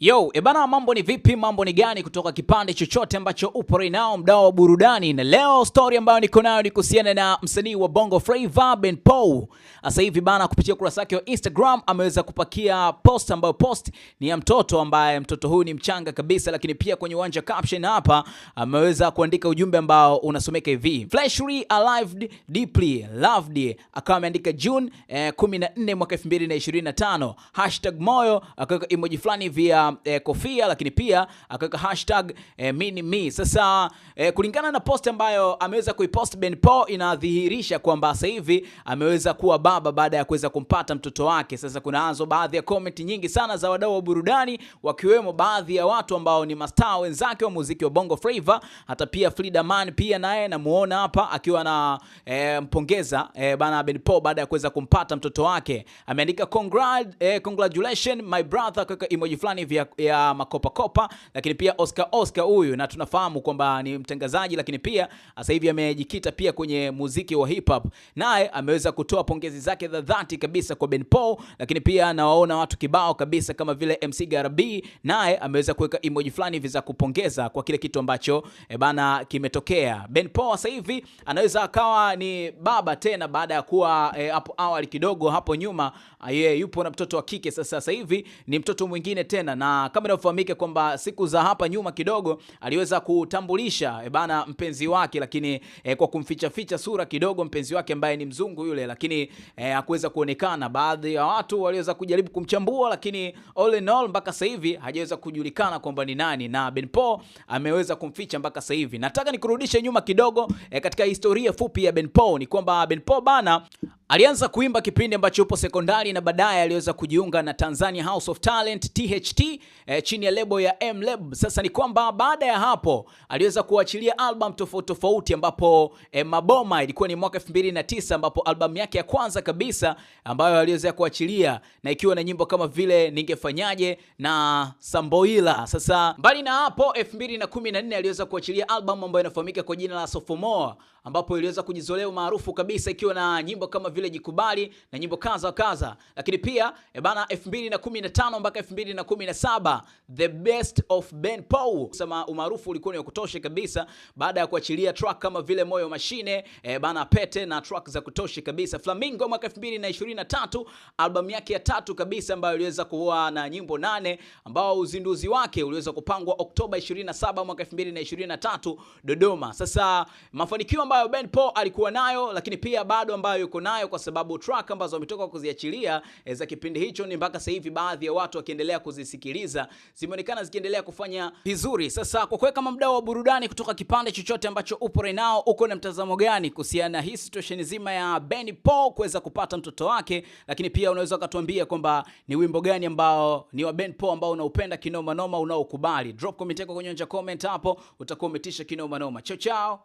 Yo, ebana eh mambo ni vipi? Mambo ni gani kutoka kipande chochote ambacho upo right now, mdao wa burudani. Na leo story ambayo niko nayo ni kuhusiana na msanii wa Bongo Flava Ben Paul. Sasa hivi bana, kupitia kurasa yake wa Instagram ameweza kupakia post ambayo post ni ya mtoto ambaye mtoto huyu ni mchanga kabisa, lakini pia kwenye uwanja caption hapa ameweza kuandika ujumbe ambao unasomeka hivi. Freshly alive deeply loved. Akawa ameandika June eh, 14 mwaka 2025 hashtag moyo akaweka emoji fulani via e, kofia lakini pia akaweka hashtag e, mini me. Sasa e, kulingana na post ambayo ameweza kuipost Ben Paul inadhihirisha kwamba sasa hivi ameweza kuwa baba baada ya kuweza kumpata mtoto wake. Sasa kunaanzo baadhi ya comment nyingi sana za wadau wa burudani wakiwemo baadhi ya watu ambao ni mastaa wenzake wa muziki wa Bongo Flava, hata pia Frida Man pia naye namuona hapa akiwa na e, mpongeza e, bana Ben Paul baada ya kuweza kumpata mtoto wake. Ameandika congrats, e, congratulations my brother, kaka emoji fulani hivi ya, ya makopakopa, lakini pia Oscar Oscar huyu, na tunafahamu kwamba ni mtangazaji, lakini pia ah, sasa hivi amejikita pia kwenye muziki wa hip hop, naye ameweza kutoa pongezi zake za dhati kabisa kwa Ben Paul, lakini pia nawaona watu kibao kabisa kama vile MC Garabi, naye ameweza kuweka emoji fulani hivi za kupongeza kwa kile kitu ambacho e bana kimetokea. Ben Paul sasa hivi anaweza akawa ni baba tena baada ya kuwa e, hapo awali kidogo hapo nyuma ah, ye yupo na mtoto wa kike, sasa sasa hivi ni mtoto mwingine tena na na kama inavyofahamika kwamba siku za hapa nyuma kidogo aliweza kutambulisha e bana mpenzi wake, lakini e, kwa kumficha ficha sura kidogo mpenzi wake ambaye ni mzungu yule, lakini e, hakuweza kuonekana. Baadhi ya watu waliweza kujaribu kumchambua, lakini all in all mpaka sasa hivi hajaweza kujulikana kwamba ni nani, na Ben Paul ameweza kumficha mpaka sasa hivi. Nataka nikurudishe nyuma kidogo e, katika historia fupi ya Ben Paul ni kwamba Ben Paul bana Alianza kuimba kipindi ambacho upo sekondari na baadaye aliweza kujiunga na Tanzania House of Talent THT e, eh, chini ya lebo ya M Lab. Sasa ni kwamba baada ya hapo aliweza kuachilia album tofauti tofauti ambapo e, Maboma ilikuwa ni mwaka 2009 ambapo album yake ya kwanza kabisa ambayo aliweza kuachilia na ikiwa na nyimbo kama vile Ningefanyaje na Samboila. Sasa mbali na hapo 2014 aliweza kuachilia album ambayo inafahamika kwa jina la Sophomore ambapo iliweza kujizolea maarufu kabisa ikiwa na nyimbo kama vile Jikubali na nyimbo kaza wa kaza, lakini pia e bana 2015 mpaka 2017 the best of Ben Paul, sema umaarufu ulikuwa ni wa kutosha kabisa baada ya kuachilia track kama vile moyo mashine e bana pete na track za kutosha kabisa. Flamingo mwaka 2023 albamu yake ya tatu kabisa ambayo iliweza kuwa na nyimbo nane ambao uzinduzi wake uliweza kupangwa Oktoba 27 mwaka 2023 Dodoma. Sasa mafanikio ambayo Ben Paul alikuwa nayo, lakini pia bado ambayo yuko nayo kwa sababu track ambazo wametoka kuziachilia e, za kipindi hicho ni mpaka sasa hivi baadhi ya watu wakiendelea kuzisikiliza zimeonekana zikiendelea kufanya vizuri. Sasa kwa kuweka kama mdau wa burudani kutoka kipande chochote ambacho upo right now, uko na mtazamo gani kuhusiana na hii situation nzima ya Benny Paul kuweza kupata mtoto wake? Lakini pia unaweza ukatuambia kwamba ni wimbo gani ambao ni wa Benny Paul ambao unaupenda kinoma noma unaokubali. Drop comment yako kwenye comment hapo, utakuwa umetisha kinoma noma. Chao chao.